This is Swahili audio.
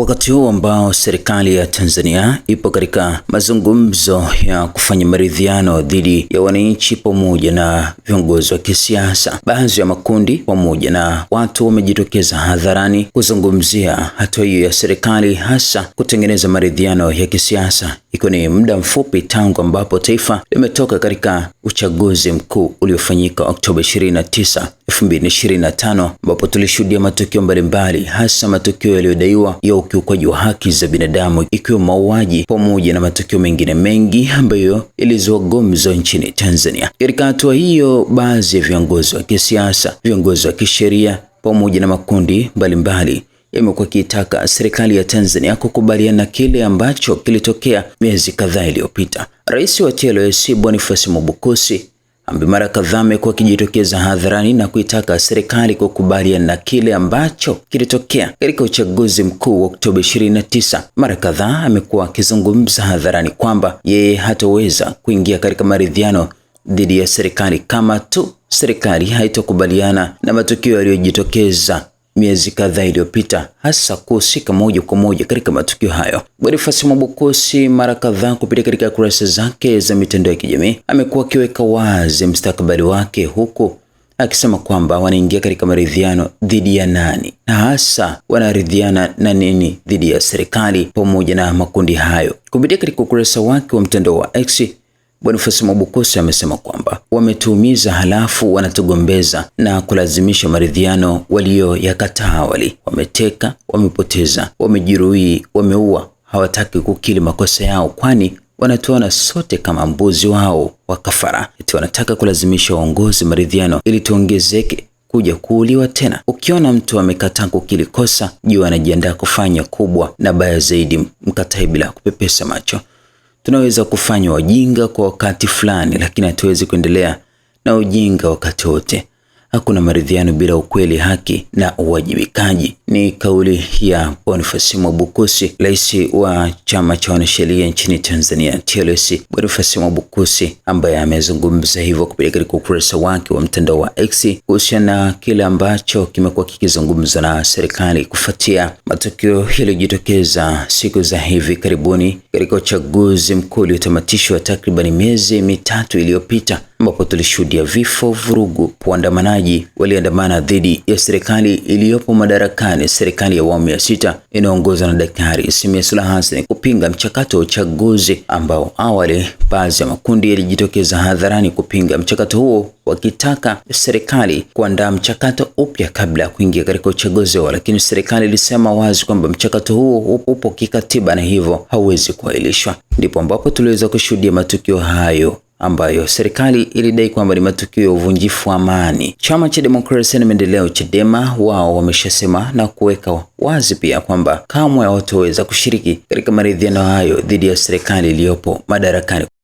Wakati huu ambao serikali ya Tanzania ipo katika mazungumzo ya kufanya maridhiano dhidi ya wananchi pamoja na viongozi wa kisiasa, baadhi ya makundi pamoja na watu wamejitokeza hadharani kuzungumzia hatua hiyo ya serikali, hasa kutengeneza maridhiano ya kisiasa, ikiwa ni muda mfupi tangu ambapo taifa limetoka katika uchaguzi mkuu uliofanyika Oktoba 29, 2025 ambapo tulishuhudia matukio mbalimbali, hasa matukio yaliyodaiwa ya ukiukwaji wa haki za binadamu ikiwemo mauaji pamoja na matukio mengine mengi ambayo ilizua gumzo nchini Tanzania. Katika hatua hiyo, baadhi ya viongozi wa kisiasa, viongozi wa kisheria pamoja na makundi mbalimbali yamekuwa kiitaka serikali ya Tanzania kukubaliana na kile ambacho kilitokea miezi kadhaa iliyopita. Rais wa TLS Boniface Mwabukusi ambaye mara kadhaa amekuwa akijitokeza hadharani na kuitaka serikali kukubaliana na kile ambacho kilitokea katika uchaguzi mkuu wa Oktoba 29. Mara kadhaa amekuwa akizungumza hadharani kwamba yeye hataweza kuingia katika maridhiano dhidi ya serikali kama tu serikali haitokubaliana na matukio yaliyojitokeza miezi kadhaa iliyopita, hasa kuhusika moja kwa moja katika matukio hayo. Boniface Mwabukusi mara kadhaa kupitia katika kurasa zake za mitandao ya kijamii amekuwa akiweka wazi mstakabali wake huku akisema kwamba wanaingia katika maridhiano dhidi ya nani na hasa wanaridhiana na nini dhidi ya serikali pamoja na makundi hayo. Kupitia katika ukurasa wake wa mtandao wa X, Boniface Mwabukusi amesema kwamba wametuumiza, halafu wanatugombeza na kulazimisha maridhiano waliyoyakataa awali. Wameteka, wamepoteza, wamejeruhi, wameua, hawataki kukiri makosa yao, kwani wanatuona sote kama mbuzi wao wa kafara. Eti wanataka kulazimisha uongozi maridhiano ili tuongezeke kuja kuuliwa tena. Ukiona mtu amekataa kukiri kosa, jua anajiandaa kufanya kubwa na baya zaidi, mkatae bila kupepesa macho. Tunaweza kufanywa wajinga kwa wakati fulani, lakini hatuwezi kuendelea na ujinga wakati wote. Hakuna maridhiano bila ukweli, haki na uwajibikaji. Ni kauli ya Boniface Mwabukusi, rais wa chama cha wanasheria nchini Tanzania TLS. Boniface Mwabukusi ambaye amezungumza hivyo kupitia katika ukurasa wake wa mtandao wa X kuhusiana na kile ambacho kimekuwa kikizungumzwa na serikali kufuatia matukio yaliyojitokeza siku za hivi karibuni katika uchaguzi mkuu uliotamatishwa takriban miezi mitatu iliyopita ambapo tulishuhudia vifo, vurugu, waandamanaji waliandamana dhidi ya serikali iliyopo madarakani Marekani, serikali ya awamu ya sita inayoongozwa na Daktari Samia Suluhu Hassan kupinga mchakato wa uchaguzi ambao awali baadhi ya makundi yalijitokeza hadharani kupinga mchakato huo, wakitaka serikali kuandaa mchakato upya kabla ya kuingia katika uchaguzi huo, lakini serikali ilisema wazi kwamba mchakato huo upo kikatiba na hivyo hauwezi kuahirishwa. Ndipo ambapo tuliweza kushuhudia matukio hayo ambayo serikali ilidai kwamba ni matukio ya uvunjifu wa amani. Chama cha Demokrasia na Maendeleo Chadema wao wameshasema na kuweka wazi pia kwamba kamwe hawatoweza kushiriki katika maridhiano hayo dhidi ya serikali iliyopo madarakani.